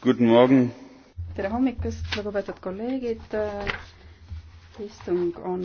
tere hommikust, lugupeetud kolleegid. istung on